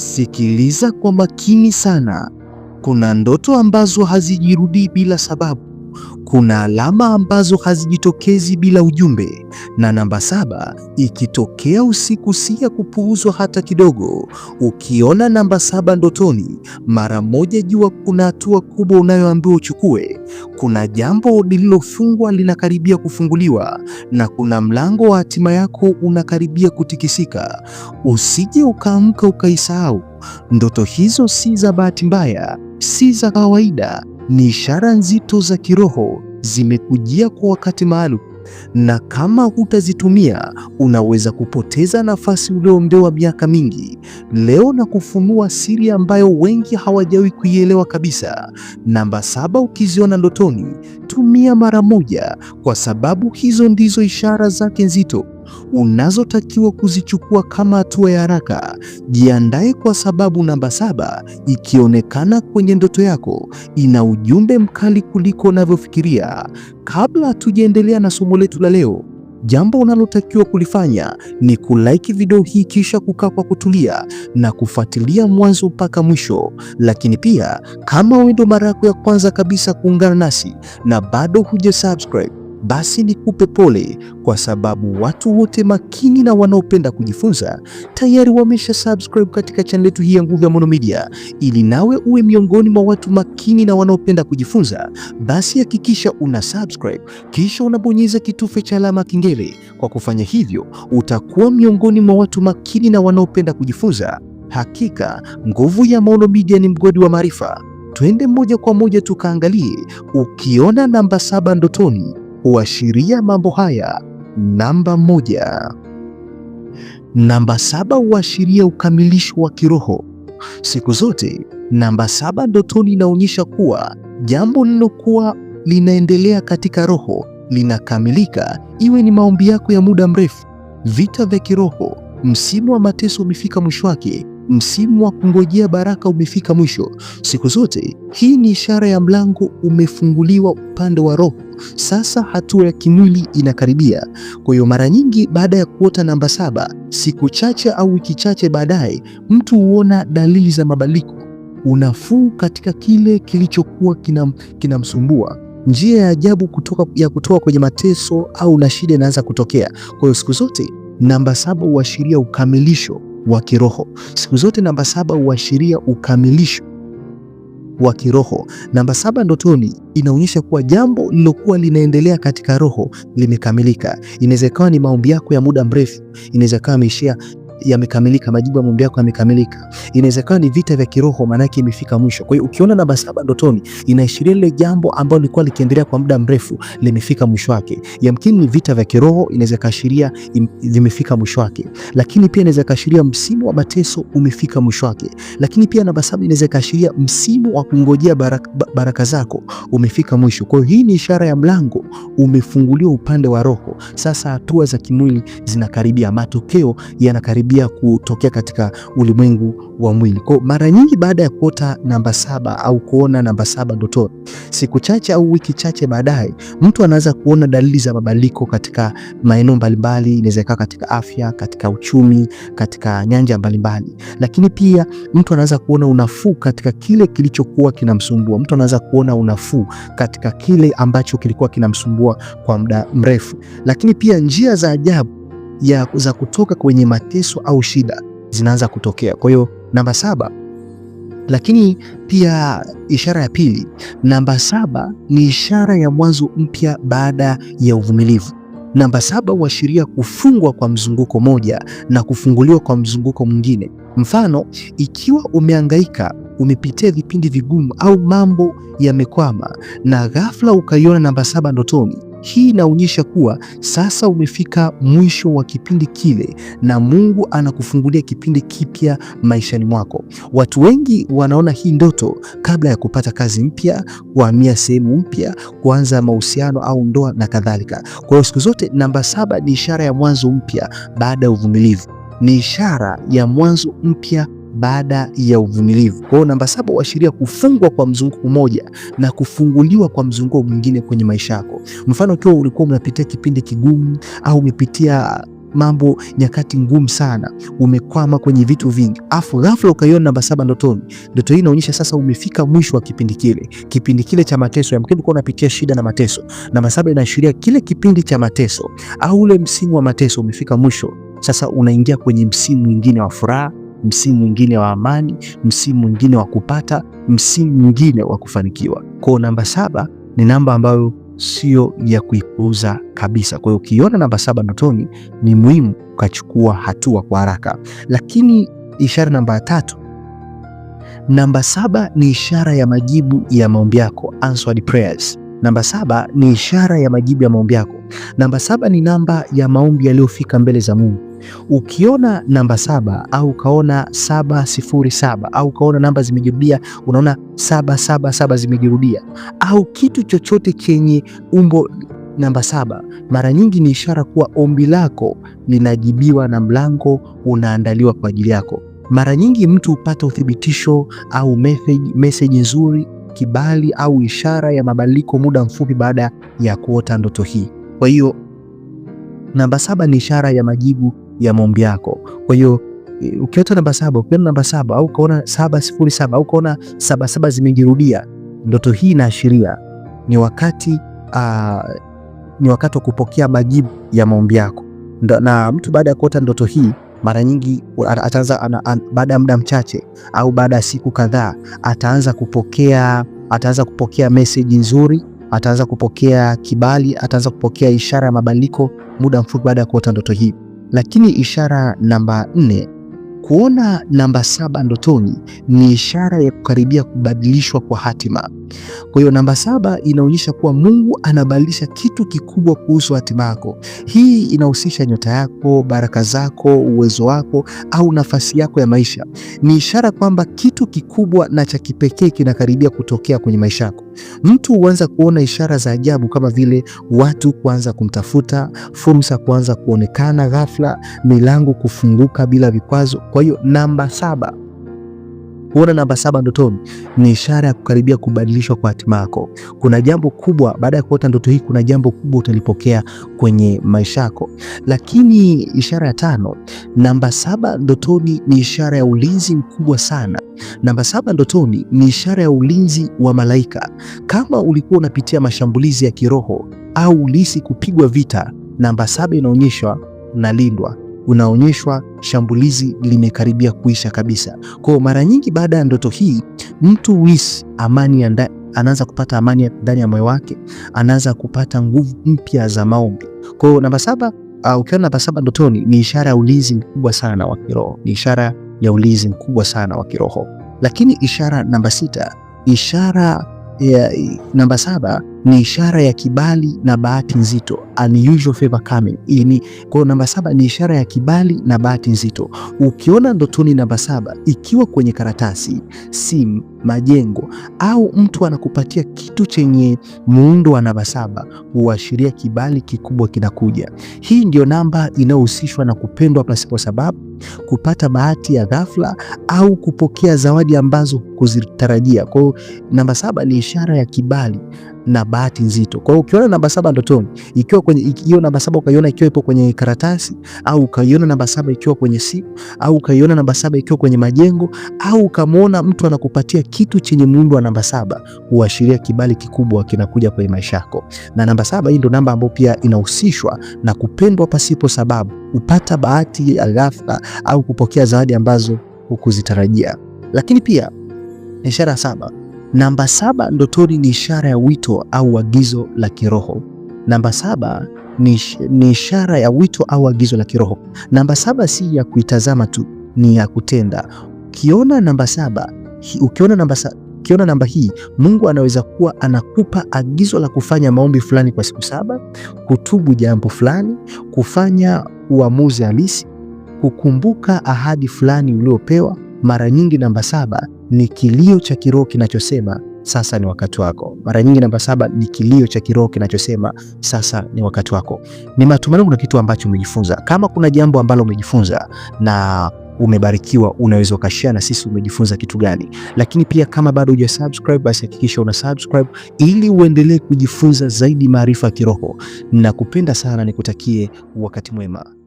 Sikiliza kwa makini sana. Kuna ndoto ambazo hazijirudi bila sababu kuna alama ambazo hazijitokezi bila ujumbe, na namba saba ikitokea usiku si ya kupuuzwa hata kidogo. Ukiona namba saba ndotoni, mara moja jua kuna hatua kubwa unayoambiwa uchukue. Kuna jambo lililofungwa linakaribia kufunguliwa, na kuna mlango wa hatima yako unakaribia kutikisika. Usije ukaamka ukaisahau. Ndoto hizo si za bahati mbaya, si za kawaida, ni ishara nzito za kiroho zimekujia kwa wakati maalum, na kama hutazitumia unaweza kupoteza nafasi uliombewa miaka mingi. Leo na kufunua siri ambayo wengi hawajawi kuielewa kabisa. Namba saba, ukiziona ndotoni tumia mara moja, kwa sababu hizo ndizo ishara zake nzito unazotakiwa kuzichukua kama hatua ya haraka. Jiandae kwa sababu namba saba ikionekana kwenye ndoto yako ina ujumbe mkali kuliko unavyofikiria. Kabla hatujaendelea na somo letu la leo, jambo unalotakiwa kulifanya ni kulaiki video hii kisha kukaa kwa kutulia na kufuatilia mwanzo mpaka mwisho. Lakini pia kama wewe ndo mara yako ya kwanza kabisa kuungana nasi na bado huja subscribe basi nikupe pole, kwa sababu watu wote makini na wanaopenda kujifunza tayari wamesha subscribe katika channel yetu hii ya Nguvu ya Maono Media. Ili nawe uwe miongoni mwa watu makini na wanaopenda kujifunza, basi hakikisha una subscribe, kisha unabonyeza kitufe cha alama kengele. Kwa kufanya hivyo, utakuwa miongoni mwa watu makini na wanaopenda kujifunza. Hakika Nguvu ya Maono Media ni mgodi wa maarifa. Twende moja kwa moja tukaangalie, ukiona namba saba ndotoni huashiria mambo haya. Namba moja. Namba saba huashiria ukamilisho wa kiroho siku zote. Namba saba ndotoni inaonyesha kuwa jambo lilokuwa linaendelea katika roho linakamilika, iwe ni maombi yako ya muda mrefu, vita vya kiroho, msimu wa mateso umefika mwisho wake, Msimu wa kungojea baraka umefika mwisho. Siku zote hii ni ishara ya mlango umefunguliwa upande wa roho. Sasa hatua ya kimwili inakaribia. Kwa hiyo mara nyingi baada ya kuota namba saba, siku chache au wiki chache baadaye, mtu huona dalili za mabadiliko, unafuu katika kile kilichokuwa kinamsumbua kina njia ya ajabu kutoka, ya kutoka kwenye mateso au na shida inaanza kutokea. Kwa hiyo siku zote namba saba huashiria ukamilisho wa kiroho. Siku zote namba saba huashiria ukamilisho wa kiroho. Namba saba ndotoni inaonyesha kuwa jambo lilokuwa linaendelea katika roho limekamilika. Inaweza ikawa ni maombi yako ya muda mrefu, inaweza ikawa imeishia yamekamilika, majibu ya maombi yako yamekamilika. Inawezekana ni vita vya kiroho, maana yake imefika mwisho. Kwa hiyo ukiona namba saba ndotoni, inaashiria lile jambo ambalo lilikuwa likiendelea kwa muda mrefu limefika mwisho wake. Yamkini ni vita vya kiroho, inaweza kaashiria vimefika mwisho wake, lakini pia inaweza kaashiria msimu wa mateso umefika mwisho wake, lakini pia namba saba inaweza kaashiria msimu wa kungojea baraka, baraka zako umefika mwisho. Kwa hiyo hii ni ishara ya mlango umefunguliwa upande wa roho, sasa hatua za kimwili zinakaribia, matokeo yanakaribia kukaribia kutokea katika ulimwengu wa mwili. Kwa mara nyingi baada ya kuota namba saba au kuona namba saba ndotoni, siku chache au wiki chache baadaye, mtu anaweza kuona dalili za mabadiliko katika maeneo mbalimbali, inaweza ikawa katika afya, katika uchumi, katika nyanja mbalimbali. Lakini pia mtu anaweza kuona unafuu katika kile kilichokuwa kinamsumbua. Mtu anaweza kuona unafuu katika kile ambacho kilikuwa kinamsumbua kwa muda mrefu. Lakini pia njia za ajabu ya za kutoka kwenye mateso au shida zinaanza kutokea. Kwa hiyo namba saba. Lakini pia ishara ya pili, namba saba ni ishara ya mwanzo mpya baada ya uvumilivu. Namba saba huashiria kufungwa kwa mzunguko moja na kufunguliwa kwa mzunguko mwingine. Mfano, ikiwa umeangaika umepitia vipindi vigumu au mambo yamekwama, na ghafla ukaiona namba saba ndotoni hii inaonyesha kuwa sasa umefika mwisho wa kipindi kile na Mungu anakufungulia kipindi kipya maishani mwako. Watu wengi wanaona hii ndoto kabla ya kupata kazi mpya, kuhamia sehemu mpya, kuanza mahusiano au ndoa na kadhalika. Kwa hiyo siku zote namba saba ni ishara ya mwanzo mpya baada ya uvumilivu, ni ishara ya mwanzo mpya baada ya uvumilivu. Kwa hiyo namba saba huashiria kufungwa kwa mzunguko mmoja na kufunguliwa kwa mzunguko mwingine kwenye maisha yako. Mfano, ukiwa ulikuwa unapitia kipindi kigumu au umepitia mambo nyakati ngumu sana, umekwama kwenye vitu vingi, afu ghafla ukaiona namba saba ndotoni. Ndoto hii inaonyesha sasa umefika mwisho wa kipindi kile, kipindi kile cha mateso. Yamkini yaani kuwa unapitia shida na mateso. Namba saba inaashiria kile kipindi cha mateso au ule msimu wa mateso umefika mwisho. Sasa unaingia kwenye msimu mwingine wa furaha, msimu mwingine wa amani, msimu mwingine wa kupata, msimu mwingine wa kufanikiwa. Kwao namba saba ni namba ambayo sio ya kuipuuza kabisa. Kwa hiyo ukiona namba saba ndotoni, ni muhimu ukachukua hatua kwa haraka. Lakini ishara namba ya tatu, namba saba ni ishara ya majibu ya maombi yako, answered prayers. Namba saba ni ishara ya majibu ya maombi yako. Namba saba ni namba ya maombi yaliyofika mbele za Mungu. Ukiona namba saba au ukaona saba sifuri saba au ukaona namba zimejirudia, unaona saba saba saba zimejirudia, au kitu chochote chenye umbo namba saba, mara nyingi ni ishara kuwa ombi lako linajibiwa na mlango unaandaliwa kwa ajili yako. Mara nyingi mtu hupata uthibitisho au meseji nzuri, kibali au ishara ya mabadiliko muda mfupi baada ya kuota ndoto hii. Kwa hiyo namba saba ni ishara ya majibu ya maombi yako. Kwa hiyo e, ukiota namba saba, ukiona namba saba au ukaona saba sifuri saba au ukaona saba saba zimejirudia, ndoto hii inaashiria ni wakati uh, ni wakati wa kupokea majibu ya maombi yako. Na mtu baada ya kuota ndoto hii mara nyingi ataanza baada ya muda mchache au baada ya siku kadhaa ataanza kupokea ataanza kupokea meseji nzuri, ataanza kupokea kibali, ataanza kupokea ishara ya mabadiliko muda mfupi baada ya kuota ndoto hii. Lakini ishara namba nne Kuona namba saba ndotoni ni ishara ya kukaribia kubadilishwa kwa hatima. Kwa hiyo namba saba inaonyesha kuwa Mungu anabadilisha kitu kikubwa kuhusu hatima yako. Hii inahusisha nyota yako, baraka zako, uwezo wako au nafasi yako ya maisha. Ni ishara kwamba kitu kikubwa na cha kipekee kinakaribia kutokea kwenye maisha yako. Mtu huanza kuona ishara za ajabu kama vile watu kuanza kumtafuta, fursa kuanza kuonekana ghafla, milango kufunguka bila vikwazo. Kwa hiyo namba saba, huona namba saba ndotoni ni ishara ya kukaribia kubadilishwa kwa hatima yako. Kuna jambo kubwa baada ya kuota ndoto hii, kuna jambo kubwa utalipokea kwenye maisha yako. Lakini ishara ya tano, namba saba ndotoni ni ishara ya ulinzi mkubwa sana. Namba saba ndotoni ni ishara ya ulinzi wa malaika. Kama ulikuwa unapitia mashambulizi ya kiroho au ulisi kupigwa vita, namba saba inaonyeshwa unalindwa unaonyeshwa shambulizi limekaribia kuisha kabisa. Kwa mara nyingi baada ya ndoto hii mtu huhisi amani ya ndani anaanza kupata amani ndani ya moyo wake, anaanza kupata nguvu mpya za maombi. Kwa hiyo namba saba, uh, ukiona namba saba ndotoni ni ishara ya ulinzi mkubwa sana wa kiroho, ni ishara ya ulinzi mkubwa sana wa kiroho. Lakini ishara namba sita, ishara ya namba saba ni ishara ya kibali na bahati nzito, unusual favor coming. Ni kwa namba saba ni ishara ya kibali na bahati nzito. Ukiona ndotoni namba saba ikiwa kwenye karatasi, simu, majengo au mtu anakupatia kitu chenye muundo wa namba saba, huashiria kibali kikubwa kinakuja. Hii ndio namba inayohusishwa na kupendwa pasipo sababu, kupata bahati ya ghafla au kupokea zawadi ambazo kuzitarajia. Kwa hiyo namba saba ni ishara ya kibali na bahati nzito. Kwa hiyo ukiona namba saba ndotoni, ikiwa kwenye hiyo namba saba ukaiona ikiwa ipo kwenye karatasi au ukaiona namba saba ikiwa kwenye simu au ukaiona namba saba ikiwa kwenye majengo au ukamwona mtu anakupatia kitu chenye muundo wa namba saba, huashiria kibali kikubwa kinakuja kwenye maisha yako. Na namba saba hii ndo namba ambayo pia inahusishwa na kupendwa pasipo sababu, upata bahati ya ghafla au kupokea zawadi ambazo hukuzitarajia. Lakini pia ishara saba Namba saba, ndotoni ni ishara ya wito au agizo la kiroho. Namba saba ni, ni ishara ya wito au agizo la kiroho. Namba saba si ya kuitazama tu, ni ya kutenda. Ukiona namba saba, ukiona namba saba ukiona namba hii, Mungu anaweza kuwa anakupa agizo la kufanya maombi fulani kwa siku saba, kutubu jambo fulani, kufanya uamuzi halisi, kukumbuka ahadi fulani uliopewa. Mara nyingi namba saba ni kilio cha kiroho kinachosema sasa ni wakati wako. Mara nyingi namba saba ni kilio cha kiroho kinachosema sasa ni wakati wako. Ni matumaini kuna kitu ambacho umejifunza. Kama kuna jambo ambalo umejifunza na umebarikiwa unaweza ukashare na sisi umejifunza kitu gani. Lakini pia kama bado huja subscribe, basi hakikisha una subscribe ili uendelee kujifunza zaidi maarifa ya kiroho, na kupenda sana nikutakie wakati mwema.